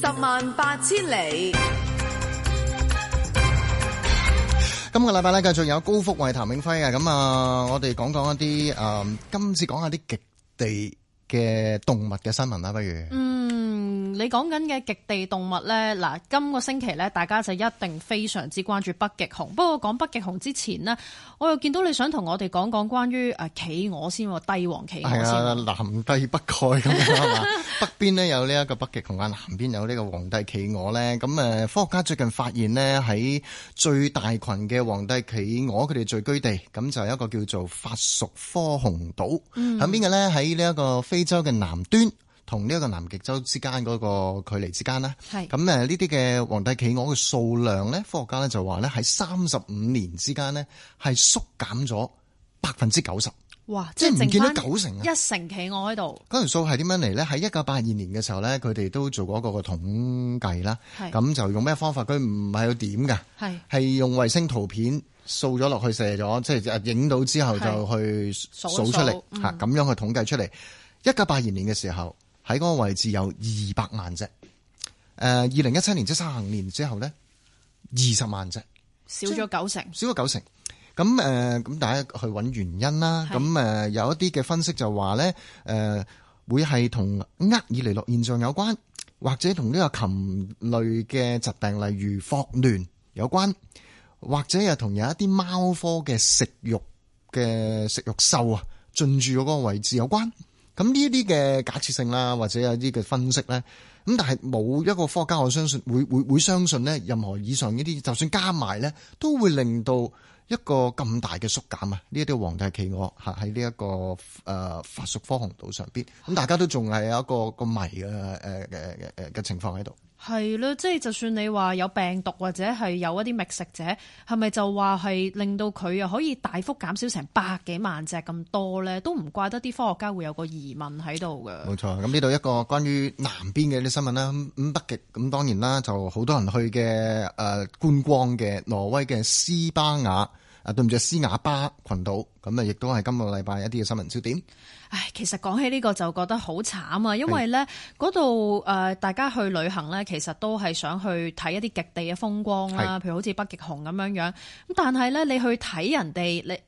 十萬八千里，今個禮拜咧繼續有高福慧、譚永輝啊。咁啊，我哋講講一啲誒，今次講下啲極地嘅動物嘅新聞啦，不如。嗯你講緊嘅極地動物咧，嗱今個星期咧，大家就一定非常之關注北極熊。不過講北極熊之前呢，我又見到你想同我哋講講關於誒企鵝先，帝王企鵝先。係啊，南帝北丐咁樣 北邊呢有呢一個北極熊啊，南邊有呢個皇帝企鵝咧。咁誒科學家最近發現呢，喺最大群嘅皇帝企鵝佢哋聚居地，咁就係、一個叫做法屬科紅島。嗯，響邊嘅咧喺呢一個非洲嘅南端。同呢一個南極洲之間嗰個距離之間咧，咁呢啲嘅皇帝企鵝嘅數量咧，科學家咧就話咧喺三十五年之間咧係縮減咗百分之九十，哇！即係唔見到九成啊，一成企鵝喺度。嗰條數係點樣嚟咧？喺一九八二年嘅時候咧，佢哋都做過一個統計啦，咁是就用咩方法？佢唔係要點㗎，係是用衛星圖片掃咗落去射、射咗，即係影到之後就去數出嚟嚇，咁樣去統計出嚟。一九八二年嘅時候。喺嗰個位置有二百萬隻，誒、呃，二零一七年即三十年之後咧，二十萬隻，少咗九成，少咗九成。咁、呃、誒，咁大家去揾原因啦。咁誒是、呃，有一啲嘅分析就話咧，誒、呃，會係同厄爾尼諾現象有關，或者同呢個禽類嘅疾病，例如霍亂有關，或者又同有一啲貓科嘅食肉嘅食肉獸啊進駐嗰個位置有關。咁呢啲嘅假設性啦，或者有啲嘅分析咧，咁但係冇一個科學家我相信會會會相信咧，任何以上呢啲，就算加埋咧，都會令到一個咁大嘅縮減啊！呢啲皇帝企鵝喺呢一個誒、呃、法屬科雄島上邊，咁大家都仲係有一個一個謎嘅誒嘅情況喺度。係啦，即係就算你話有病毒或者係有一啲覓食者，係咪就話係令到佢可以大幅減少成百幾萬隻咁多咧？都唔怪得啲科學家會有個疑問喺度嘅。冇錯，咁呢度一個關於南邊嘅一啲新聞啦，咁北極咁當然啦，就好多人去嘅誒觀光嘅挪威嘅斯巴雅啊，對唔住斯瓦巴群島。咁啊，亦都係今個禮拜一啲嘅新聞焦點。唉，其實講起呢個就覺得好慘啊，因為咧嗰度誒，大家去旅行咧，其實都係想去睇一啲極地嘅風光啦，啊，是的 譬如好似北極熊咁樣樣。咁但係咧，你去睇人哋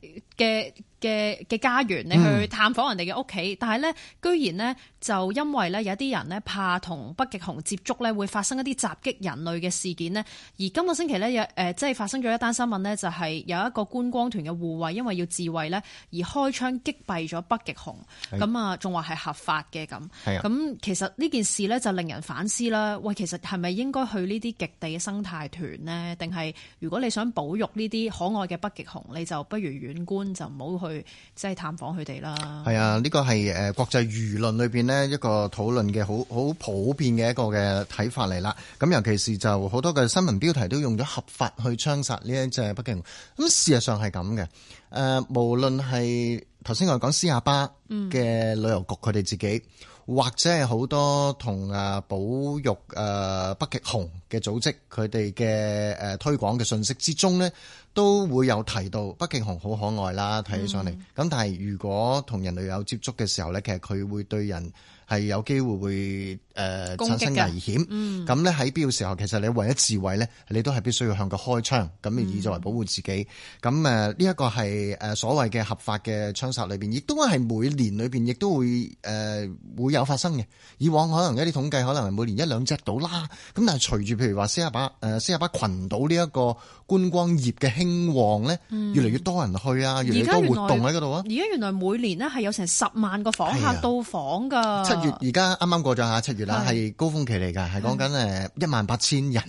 你嘅嘅嘅家園，你去探訪人哋嘅屋企，嗯、但係咧，居然咧就因為咧有啲人咧怕同北極熊接觸咧，會發生一啲襲擊人類嘅事件咧。而今個星期咧有誒，即係發生咗一單新聞咧，就係、是、有一個觀光團嘅護衛因為要自衛。而開槍擊斃咗北極熊，咁啊的，仲話係合法嘅咁。咁的其實呢件事呢，就令人反思啦。喂，其實係咪應該去呢啲極地嘅生態團呢？定係如果你想保育呢啲可愛嘅北極熊，你就不如遠觀就不要，就唔好去即係探訪佢哋啦。係啊，呢個係誒國際輿論裏邊呢一個討論嘅好好普遍嘅一個嘅睇法嚟啦。咁尤其是就好多嘅新聞標題都用咗合法去槍殺呢一隻北極熊，咁事實上係咁嘅。誒、呃，無論係頭先我講斯瓦巴嘅旅遊局佢哋自己，嗯、或者係好多同啊保育誒北極熊嘅組織，佢哋嘅誒推廣嘅信息之中呢，都會有提到北極熊好可愛啦，睇起上嚟。咁、嗯、但係如果同人類有接觸嘅時候呢，其實佢會對人，係有機會會誒、呃、產生危險，咁咧喺必要時候，其實你為咗自衞咧，你都係必須要向佢開槍，咁以作為保護自己。咁誒呢一個係所謂嘅合法嘅槍殺裏面，亦都係每年裏面亦都會誒、呃、會有發生嘅。以往可能一啲統計，可能係每年一兩隻到啦。咁但係隨住譬如話斯瓦巴誒斯瓦巴群島呢一個觀光業嘅興旺咧，嗯、越嚟越多人去啊，越嚟越多活動喺嗰度啊。而家原，原來每年呢，係有成十萬個訪客到訪㗎。月而家啱啱過咗吓七月啦，係高峰期嚟㗎，係講緊誒一萬八千人。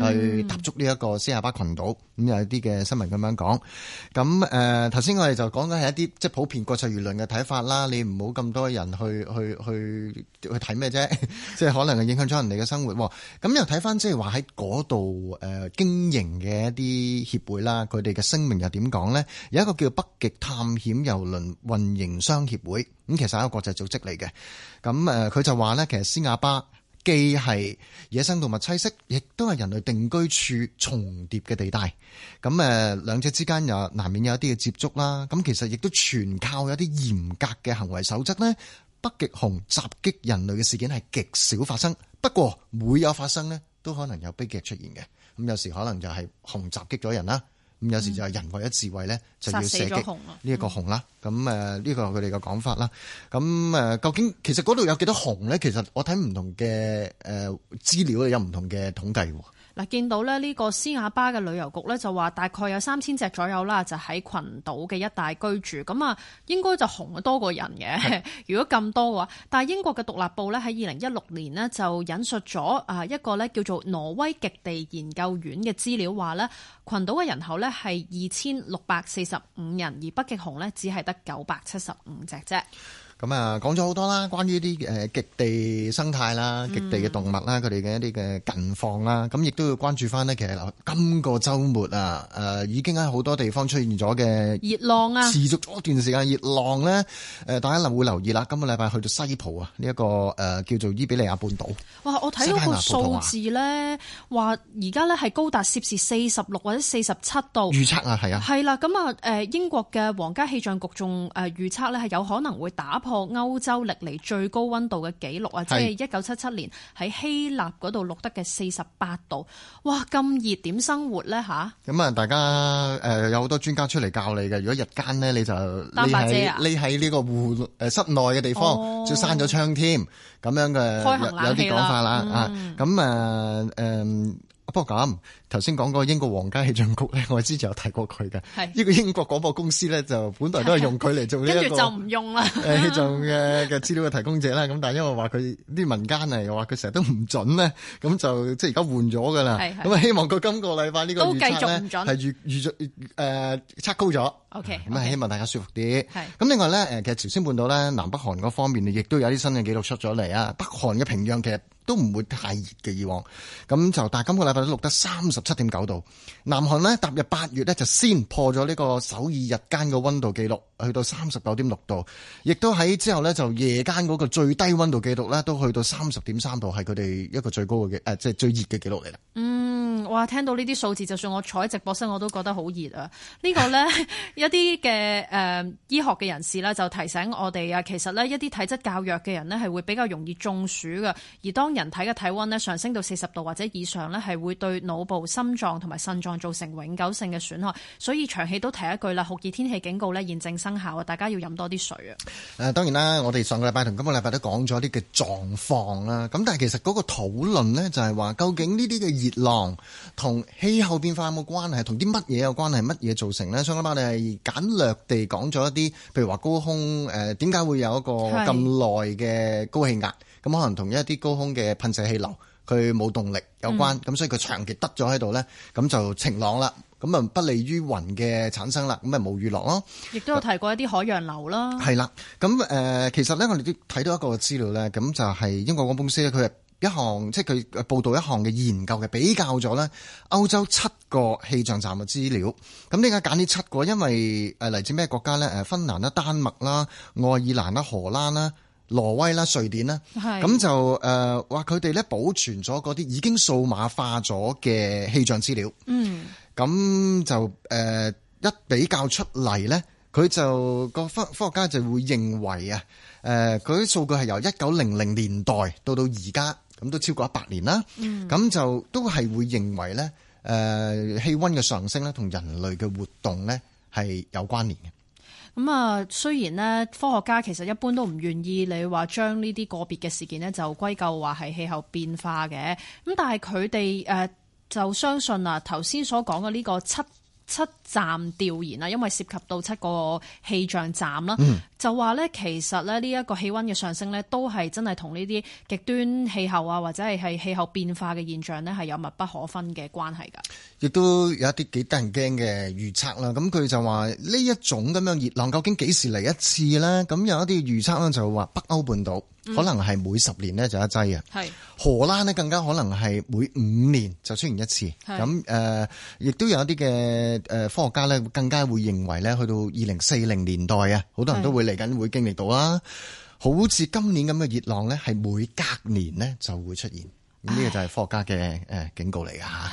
去踏足呢一個斯瓦巴群島，咁有啲嘅新聞咁樣講。咁誒頭先我哋就講緊係一啲即係普遍國際輿論嘅睇法啦。你唔好咁多人去去去去睇咩啫，即係可能係影響咗人哋嘅生活。咁又睇翻即係話喺嗰度誒經營嘅一啲協會啦，佢哋嘅聲明又點講咧？有一個叫北極探險郵輪運營商協會，咁其實係一個國際組織嚟嘅。咁誒佢就話咧，其實斯瓦巴既係野生動物棲息，亦都係人類定居處重疊嘅地帶。咁誒，兩者之間又難免有一啲嘅接觸啦。咁其實亦都全靠有啲嚴格嘅行為守則呢。北極熊襲擊人類嘅事件係極少發生，不過每有發生呢都可能有悲劇出現嘅。咁有時可能就係熊襲擊咗人啦。咁有時就係人為一智慧咧，嗯、就要射擊呢一個熊啦。咁誒、嗯，呢個係佢哋嘅講法啦。咁究竟其實嗰度有幾多熊咧？其實我睇唔同嘅誒資料有唔同嘅統計。嗱，見到呢個斯瓦巴嘅旅遊局呢就話，大概有三千隻左右啦，就喺群島嘅一帶居住咁啊，應該就紅得多過人嘅。 如果咁多嘅話，但英國嘅獨立報呢喺二零一六年呢就引述咗啊一個呢叫做挪威極地研究院嘅資料，話呢群島嘅人口呢係二千六百四十五人，而北極熊呢只係得九百七十五隻啫。咁啊，講咗好多啦，關於啲誒極地生態啦、極地嘅動物啦，佢哋嘅一啲嘅近況啦，咁亦都要關注翻咧。其實嗱，今個周末啊，誒已經喺好多地方出現咗嘅熱浪啊，持續咗一段時間熱浪咧。誒、呃、大家可能會留意啦，今個禮拜去到西葡啊，呢、這、一個誒叫做伊比利亞半島。哇！我睇到個數字咧，話而家咧係高達攝氏四十六或者四十七度。預測啊，係啊，係啦。咁、嗯、啊，誒英國嘅皇家氣象局仲誒預測咧係有可能會打破，破歐洲歷嚟最高溫度嘅紀錄啊！即係一九七七年喺希臘嗰度錄得嘅四十八度，哇！咁熱點生活咧吓？咁啊，大家誒有好多專家出嚟教你嘅。如果日間咧，你就匿喺你喺呢個戶室內嘅地方，照閂咗窗添，咁樣嘅有啲講法啦啊！咁、嗯、啊不過咁，頭先講過英國皇家氣象局咧，我之前有提過佢嘅。係呢個英國廣播公司咧，就本來都係用佢嚟做呢一個。跟住就唔用啦。氣象嘅嘅資料嘅提供者啦，咁、哎、但係因為話佢啲民間啊，又話佢成日都唔準咧，咁就即係而家換咗噶啦。咁啊，希望佢今個禮拜呢個預測咧係預預咗誒測高咗。O K，咁啊，希望大家舒服啲。係的。咁另外咧，誒，其實朝鮮半島咧，南北韓嗰方面亦都有啲新嘅記錄出咗嚟啊，北韓嘅平壤其實。都唔會太熱嘅，以往。咁就但係今個禮拜都錄得三十七點九度。南韓呢，踏入八月呢，就先破咗呢個首爾日間嘅温度記錄，去到三十九點六度，亦都喺之後呢，就夜間嗰個最低温度記錄呢都去到三十點三度，係佢哋一個最高嘅誒即係最熱嘅記錄嚟啦。嗯哇！聽到呢啲數字，就算我坐喺直播室，我都覺得好熱啊！呢、呢個呢， 一啲嘅誒醫學嘅人士呢，就提醒我哋啊，其實呢，一啲體質較弱嘅人呢，係會比較容易中暑㗎。而當人體嘅體温呢上升到四十度或者以上呢，係會對腦部、心臟同埋腎臟造成永久性嘅損害。所以長氣都提一句啦，酷熱天氣警告呢，現正生效啊！大家要飲多啲水啊、呃！當然啦，我哋上個禮拜同今個禮拜都講咗啲嘅狀況啦。咁但係其實嗰個討論呢就係、係、話究竟呢啲嘅熱浪。同氣候變化有冇關係？同啲乜嘢有關係？乜嘢造成咧？相關班你係簡略地講咗一啲，譬如話高空誒點解會有一個咁耐嘅高氣壓？咁可能同一啲高空嘅噴射氣流佢冇動力有關，咁所以佢長期得咗喺度咧，咁就晴朗啦，咁啊不利於雲嘅產生啦，咁咪冇雨落咯。亦都有提過一啲海洋流啦。係啦，咁誒其實咧我哋都睇到一個資料咧，咁就係英國廣播公司咧佢。一項即係佢報道，一項嘅研究嘅比較咗咧，歐洲七個氣象站嘅資料。咁點解揀呢七個？因為誒，嚟自咩國家咧？芬蘭啦、丹麥啦、愛爾蘭啦、荷蘭啦、挪威啦、瑞典啦。係的。咁就誒，話佢哋咧保存咗嗰啲已經數碼化咗嘅氣象資料。嗯。咁就誒、呃、一比較出嚟咧，佢就、嗰個科科學家就會認為啊，佢、呃、啲數據係由一九零零年代到到而家。咁都超過一百年啦，咁就都係會認為呢，誒氣温嘅上升咧，同人類嘅活動呢係有關聯嘅。咁啊，雖然呢科學家其實一般都唔願意你話將呢啲個別嘅事件呢就歸咎話係氣候變化嘅，咁但係佢哋誒就相信啊，頭先所講嘅呢個七。七站調研啊，因為涉及到七個氣象站啦，嗯，就話咧其實咧呢一個氣溫嘅上升咧，都係真係同呢啲極端氣候啊，或者係係氣候變化嘅現象咧，係有密不可分嘅關係噶，亦都有一啲幾得人驚嘅預測啦。咁佢就話，呢一種咁樣熱浪，究竟幾時嚟一次咧？咁有一啲預測咧就話北歐半島。可能係每十年咧就一劑嘅，是荷蘭呢更加可能係每五年就出現一次。咁誒是、呃，亦都有一啲嘅誒科學家咧，更加會認為咧，去到二零四零年代啊，好多人都會嚟緊會經歷到啦。是好似今年咁嘅熱浪咧，係每隔年咧就會出現。咁呢個是就係科學家嘅誒警告嚟噶吓。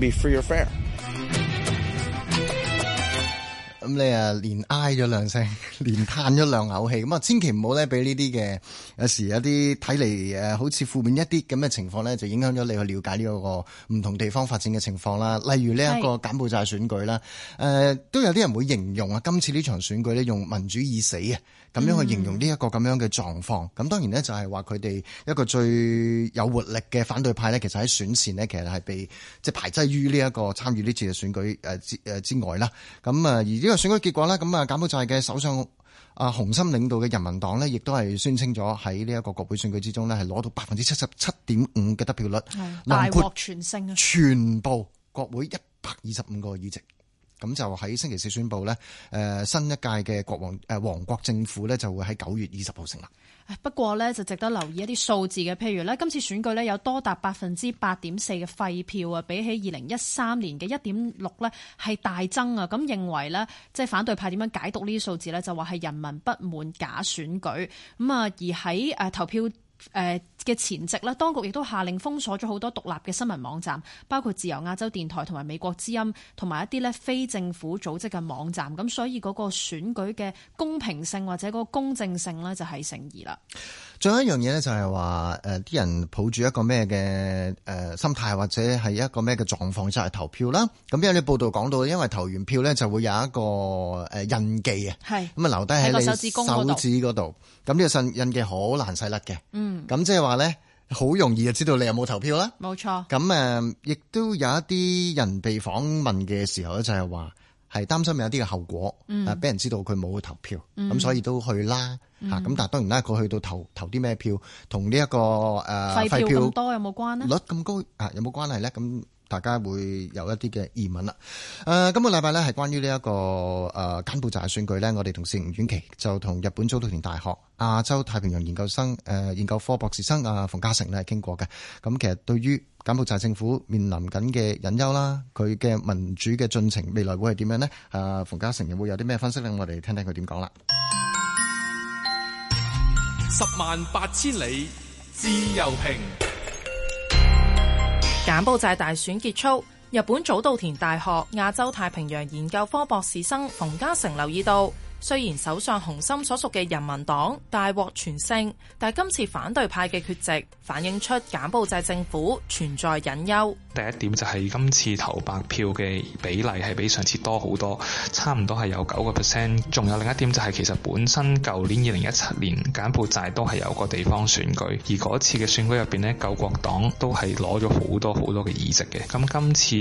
咁你啊，連哀咗兩聲，連嘆咗兩口氣。咁啊，千祈唔好咧，俾呢啲嘅有時有啲睇嚟好似負面一啲咁嘅情況咧，就影響咗你去了解呢個唔同地方發展嘅情況啦。例如呢個柬埔寨選舉啦，都是有啲人會形容啊，今次呢場選舉咧，用民主已死啊！咁樣去形容呢一個咁樣嘅狀況，咁當然呢，就係話佢哋一個最有活力嘅反對派呢，其實喺選前呢，其實係被即係排擠於呢一個參與呢次嘅選舉之之外啦。咁啊而呢個選舉結果呢，咁啊柬埔寨嘅首相啊洪森領導嘅人民黨呢，亦都係宣稱咗喺呢一個國會選舉之中呢，係攞到百分之七十七點五嘅得票率，大獲全勝，全部國會一百二十五個議席。咁就喺星期四宣布呢，誒、呃、新一屆嘅國王誒、呃、王國政府呢，就會喺九月二十號成立。不過呢，就值得留意一啲數字嘅，譬如呢，今次選舉呢，有多達百分之八點四嘅廢票啊，比起二零一三年嘅一點六呢，係大增啊。咁認為呢，即、就、係、是、反對派點樣解讀呢啲數字呢？就話係人民不滿假選舉咁啊，而喺誒投票。誒嘅前夕啦，當局亦都下令封鎖咗好多獨立嘅新聞網站，包括自由亞洲電台同埋美國之音，同埋一啲咧非政府組織嘅網站。咁所以嗰個選舉嘅公平性或者嗰個公正性呢，就係成疑啦。仲有一樣嘢咧，就係話啲人抱住一個咩嘅誒心態，或者係一個咩嘅狀況，就係、是、投票啦。咁有啲報道講到，因為投完票咧就會有一個誒印記啊，係咁啊，留低喺你手指公嗰度。咁呢個印記好難洗甩嘅，嗯，咁即係話咧好容易就知道你有冇投票啦。冇錯，咁亦都有一啲人被訪問嘅時候咧，就係話。係擔心有啲嘅後果，啊，俾人知道佢冇去投票，咁、嗯、所以都去啦，嚇咁、嗯，但係當然啦，佢去到投投啲咩票，同呢一個誒、呃、廢票咁多有冇關咧？率咁高啊，有冇關係咧？咁。大家會有一啲嘅疑問啦。誒、呃，今個禮拜咧係關於呢、這、一個誒柬、呃、埔寨嘅選舉咧，我哋同事吳婉琪就同日本早稻田大學亞洲太平洋研究生誒、呃、研究科博士生啊馮嘉誠咧係傾過嘅。咁其實對於柬埔寨政府面臨緊嘅隱憂啦，佢嘅民主嘅進程未來會係點樣呢？啊、呃，馮嘉誠會有啲咩分析呢？我哋聽聽佢點講啦。十萬八千里，自由評。柬埔寨大選結束，日本早稻田大學亞洲太平洋研究科博士生馮嘉誠留意到。雖然首相洪森所屬嘅人民黨大獲全勝，但係今次反對派嘅缺席反映出柬埔寨政府存在隱憂。第一點就係今次投白票嘅比例係比上次多好多，差唔多係有九個 percent。仲有另一點就係其實本身舊年二零一七年柬埔寨都係有個地方選舉，而嗰次嘅選舉入邊呢，救國黨都係攞咗好多好多嘅議席嘅。咁今次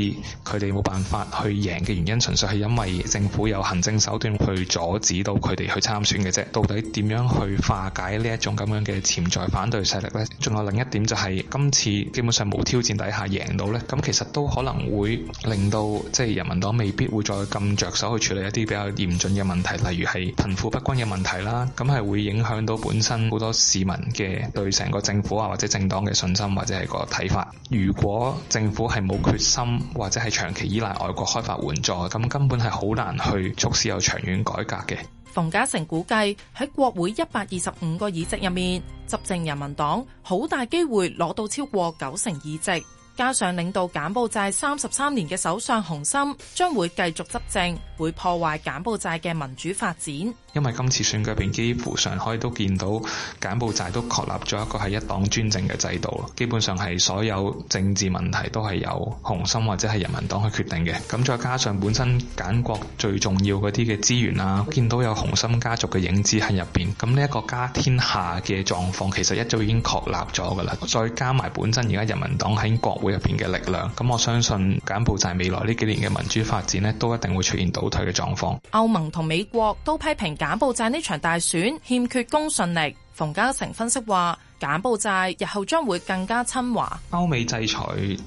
佢哋冇辦法去贏嘅原因，純粹係因為政府有行政手段去阻止。指導佢哋去參選嘅啫，到底點樣去化解呢一種咁樣嘅潛在反對勢力咧？仲有另一點就係、是、今次基本上無挑戰底下贏到咧，咁其實都可能會令到即係人民黨未必會再咁着手去處理一啲比較嚴峻嘅問題，例如係貧富不均嘅問題啦，咁係會影響到本身好多市民嘅對成個政府啊或者政黨嘅信心或者係個睇法。如果政府係冇決心或者係長期依賴外國開發援助，咁根本係好難去促使有長遠改革嘅。馮嘉誠估計喺國會一百二十五個議席入面，執政人民黨好大機會攞到超過九成議席。加上領導柬埔寨三十三年嘅首相洪森將會繼續執政，會破壞柬埔寨嘅民主發展。因為今次選舉入邊，幾乎上可以都見到柬埔寨都確立咗一個係一黨專政嘅制度，基本上係所有政治問題都係由洪森或者係人民黨去決定嘅。咁再加上本身柬國最重要嗰啲嘅資源啊，見到有洪森家族嘅影子喺入邊，咁呢一個家天下嘅狀況，其實一早已經確立咗㗎喇。再加埋本身而家人民黨喺國會。入邊嘅力量，咁我相信柬埔寨未來呢幾年嘅民主發展咧，都一定會出現倒退嘅狀況。歐盟同美國都批評柬埔寨呢場大選欠缺公信力。馮嘉誠分析話。柬埔寨日後將會更加親華。歐美制裁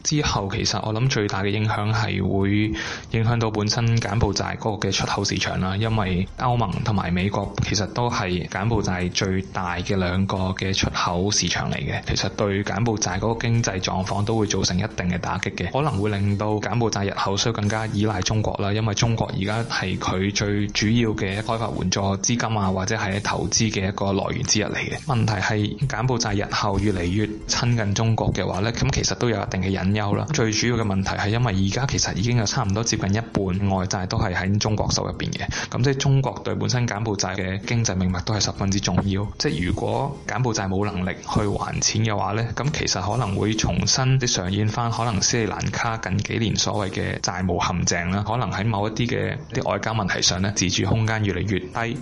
之後，其實我諗最大嘅影響係會影響到本身柬埔寨嗰個嘅出口市場啦。因為歐盟同埋美國其實都係柬埔寨最大嘅兩個嘅出口市場嚟嘅。其實對柬埔寨嗰個經濟狀況都會造成一定嘅打擊嘅，可能會令到柬埔寨日後需要更加依賴中國啦。因為中國而家係佢最主要嘅開發援助資金啊，或者係投資嘅一個來源之一嚟嘅。問題，係柬埔寨。但日後越嚟越親近中國嘅話呢咁其實都有一定嘅隱憂啦。最主要嘅問題係因為而家其實已經有差唔多接近一半外債都係喺中國手入邊嘅，咁即係中國對本身柬埔寨嘅經濟命脈都係十分之重要。即係如果柬埔寨冇能力去還錢嘅話呢咁其實可能會重新啲上演翻可能斯里蘭卡近幾年所謂嘅債務陷阱啦。可能喺某一啲嘅啲外交問題上咧，自主空間越嚟越低。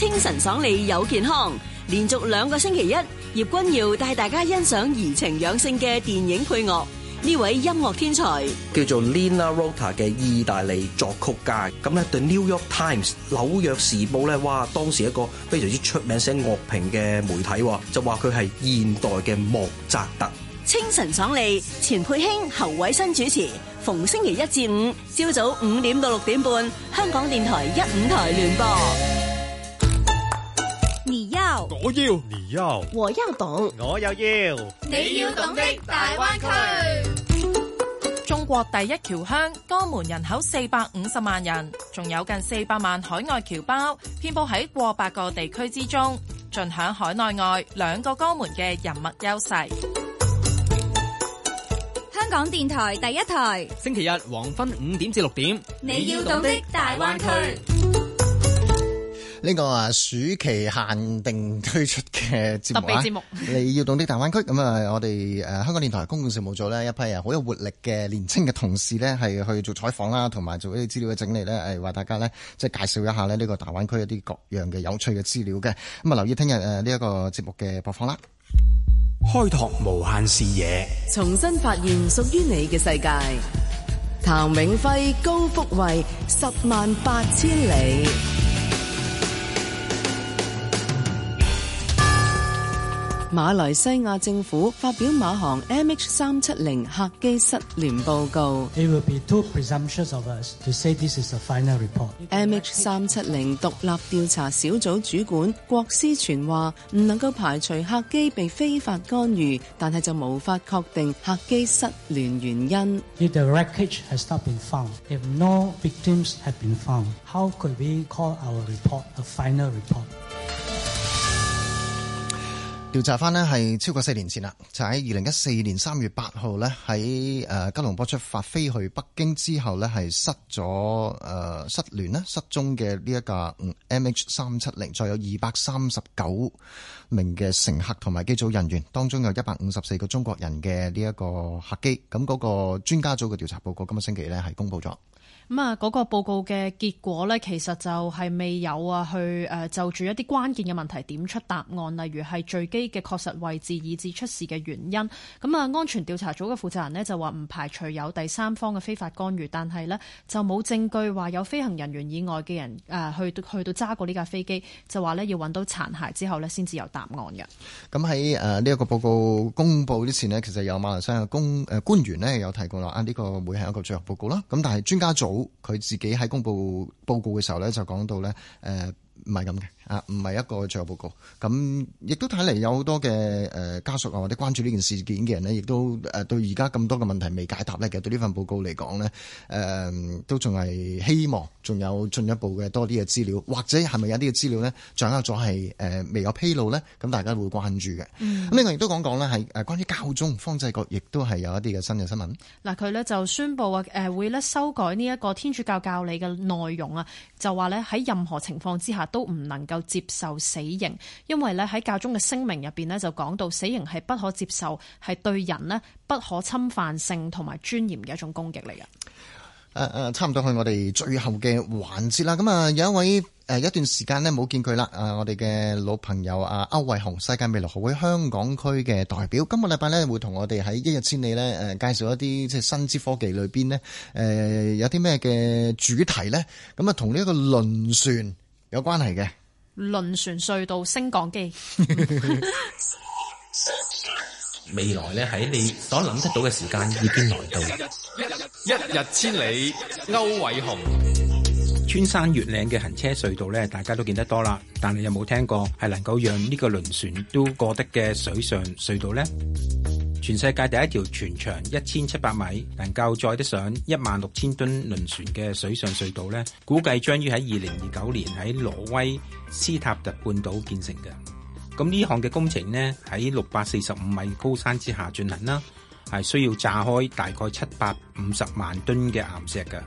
清晨爽利有健康，連續兩個星期一，葉君耀帶大家欣賞怡情養性嘅電影配樂。呢位音樂天才叫做 Lina Rota 嘅意大利作曲家，咁咧 The New York Times 紐約時報咧，哇，當時一個非常之出名寫樂評嘅媒體，就話佢係現代嘅莫扎特。清晨爽利，錢佩卿、侯偉新主持，逢星期一至五朝早五點到六點半，香港電台一五台聯播。我要，你要我又懂，我又要你要懂的大灣區，中國第一僑鄉，江門人口四百五十萬人，仲有近四百萬海外僑胞，遍布喺過百個地區之中，盡享海內外兩個江門嘅人脈優勢。香港電台第一台，星期日黃昏五點至六點，你要懂的大灣區。呢個啊暑期限定推出嘅節目，特別節目你要懂啲大灣區。咁啊，我哋誒香港電台公共事務組呢一批啊好有活力嘅年輕嘅同事呢，係去做採訪啦，同埋做一啲資料嘅整理咧，係話大家呢，即係介紹一下咧呢個大灣區一啲各樣嘅有趣嘅資料嘅。咁啊，留意聽日誒呢一個節目嘅播放啦。開拓無限視野，重新發現屬於你嘅世界。譚永輝、高福慧，十萬八千里。馬來西亞政府發表馬航 MH 三七零客機失聯報告。MH 三七零獨立調查小組主管郭思全話：唔能夠排除客機被非法干預，但係就無法確定客機失聯原因。If the 調查翻咧係超過四年前啦，就喺二零一四年三月八號呢喺誒吉隆坡出發飛去北京之後呢係失咗誒失聯咧失蹤嘅呢一架 M H 三七零，再有二百三十九名嘅乘客同埋機組人員當中有一百五十四個中國人嘅呢一個客機，咁、那、嗰個專家組嘅調查報告今個星期呢係公布咗。咁啊嗰個報告嘅結果呢，其實就係未有啊去誒就住一啲關鍵嘅問題點出答案，例如係最機。嘅確實位置，以致出事嘅原因。咁啊，安全調查組嘅負責人呢就話唔排除有第三方嘅非法干預，但係呢就冇證據話有飛行人員以外嘅人誒去、呃、去到揸過呢架飛機，就話呢要揾到殘骸之後呢先至有答案嘅。咁喺誒呢一個報告公布之前呢，其實有馬來西亞公誒、呃、官員呢有提過話啊呢、這個會係一個最後報告啦。咁但係專家組佢自己喺公布報告嘅時候呢就講到呢，誒唔係咁嘅。啊，唔係一個最後報告。咁亦都睇嚟有好多嘅誒家屬啊，或者關注呢件事件嘅人呢，亦都誒對而家咁多嘅問題未解答咧，其實對呢份報告嚟講呢，誒、呃、都仲係希望仲有進一步嘅多啲嘅資料，或者係咪有啲嘅資料呢掌握咗係誒未有披露呢？咁大家會關注嘅。咁、嗯、另外亦都講講呢，係誒關於教宗方濟各，亦都係有一啲嘅新嘅新聞。嗱，佢呢就宣布話誒會咧修改呢一個天主教教理嘅內容啊，就話呢喺任何情況之下都唔能夠接受死刑，因為咧喺教宗嘅聲明入邊咧就講到死刑係不可接受，係對人咧不可侵犯性同埋尊嚴嘅一種攻擊嚟嘅。誒誒，差唔多去我哋最後嘅環節啦。咁啊，有一位誒一段時間咧冇見佢啦。誒，我哋嘅老朋友啊，區煒洪，世界未來學會香港區嘅代表，今個禮拜咧會同我哋喺一日千里咧誒，介紹一啲即係新知科技裏邊咧誒有啲咩嘅主題咧。咁啊，同呢個輪船有關係嘅。輪船隧道升降機， 未來咧喺你所諗得到嘅時間已經來到。一日千里，區煒洪，穿山越嶺嘅行車隧道咧，大家都見得多啦。但你有冇聽過係能夠讓呢個輪船都過得嘅水上隧道呢？全世界第一條全長一千七百米、能夠載得上一萬六千噸輪船嘅水上隧道咧,估計將於喺二零二九年喺挪威斯塔特半島建成嘅。咁呢項嘅工程咧，喺六百四十五米高山之下進行啦，係需要炸開大概七百五十萬噸嘅岩石嘅。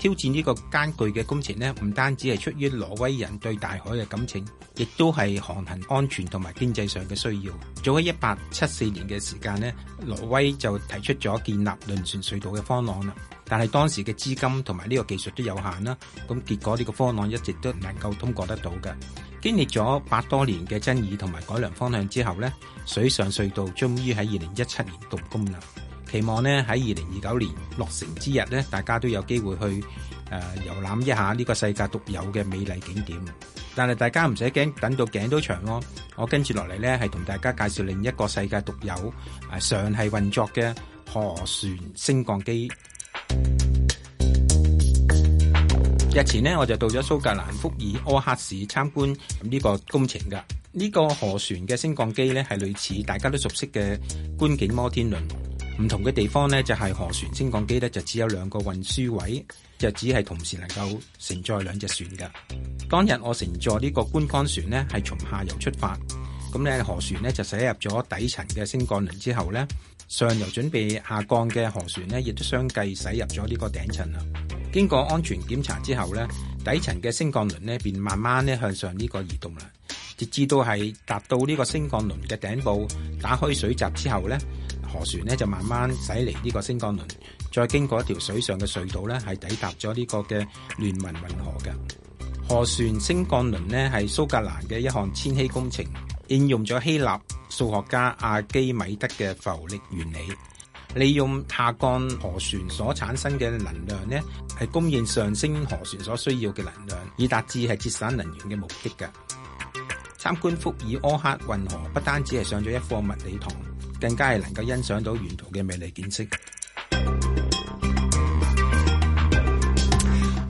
挑戰呢個艱巨嘅工程呢，唔單止係出於挪威人對大海嘅感情，亦都係航行安全同埋經濟上嘅需要。早喺一八七四年嘅時間呢，挪威就提出咗建立輪船隧道嘅方案啦。但係當時嘅資金同埋呢個技術都有限啦。咁結果呢個方案一直都唔能夠通過得到嘅。經歷咗百多年嘅爭議同埋改良方向之後呢，水上隧道終於喺二零一七年動工啦。期望呢，喺二零二九年落成之日呢，大家都有機會去誒遊覽一下呢個世界獨有嘅美麗景點。但係大家唔使驚，等到頸都長咯。我跟住落嚟呢，係同大家介紹另一個世界獨有啊，尚係運作嘅河船升降機。 日前呢，我就到咗蘇格蘭福爾 柯克市參觀，咁呢個工程㗎。呢個河船嘅升降機呢，係類似大家都熟悉嘅觀景摩天輪。唔同嘅地方呢，就係河船升降機呢，就只有兩個運輸位，就只係同時能夠乘載兩隻船噶。當日我乘坐呢個觀光船呢，係從下游出發，咁咧河船呢，就駛入咗底層嘅升降輪之後呢，上游準備下降嘅河船呢，亦都相繼駛入咗呢個頂層啦。經過安全檢查之後呢，底層嘅升降輪呢，便慢慢咧向上呢個移動啦。直至到係達到呢個升降輪嘅頂部，打開水閘之後咧，河船咧就慢慢駛嚟呢個升降輪，再經過一條水上嘅隧道咧，係抵達咗呢個嘅聯盟運河嘅河船升降輪咧，係蘇格蘭嘅一項千禧工程，應用咗希臘數學家阿基米德嘅浮力原理，利用下降河船所產生嘅能量咧，係供應上升河船所需要嘅能量，以達至係節省能源嘅目的㗎。參觀福爾柯克運河不單止係上咗一課物理堂，更加係能夠欣賞到沿途嘅美麗景色。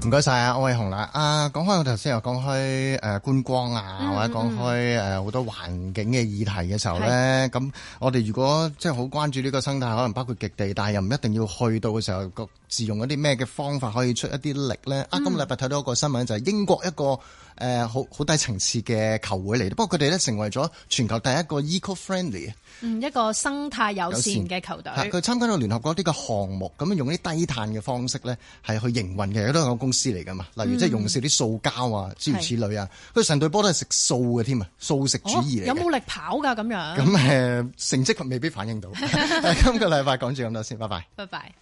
唔該晒啊，區煒洪啦。啊，講開我頭先又講開誒觀光啊，或者講開誒好多環境嘅議題嘅時候咧，咁我哋如果即係好關注呢個生態，可能包括極地，但係又唔一定要去到嘅時候，各自用一啲咩嘅方法可以出一啲力咧？啊，今個禮拜睇到一個新聞就係英國一個。誒，好好低層次嘅球會嚟，不過佢哋咧成為咗全球第一個 eco friendly，嗯，一個生態友善嘅球隊。佢參加到聯合國啲嘅項目，咁用啲低碳嘅方式咧，係去營運嘅，都係個公司嚟噶嘛。例如即係用少啲塑膠啊，嗯、諸如此類啊。佢成隊波都係食素嘅添啊，素食主義嚟、哦。有冇力跑㗎？咁樣咁成績佢未必反映到。 今個禮拜講住咁多先，拜拜。拜拜。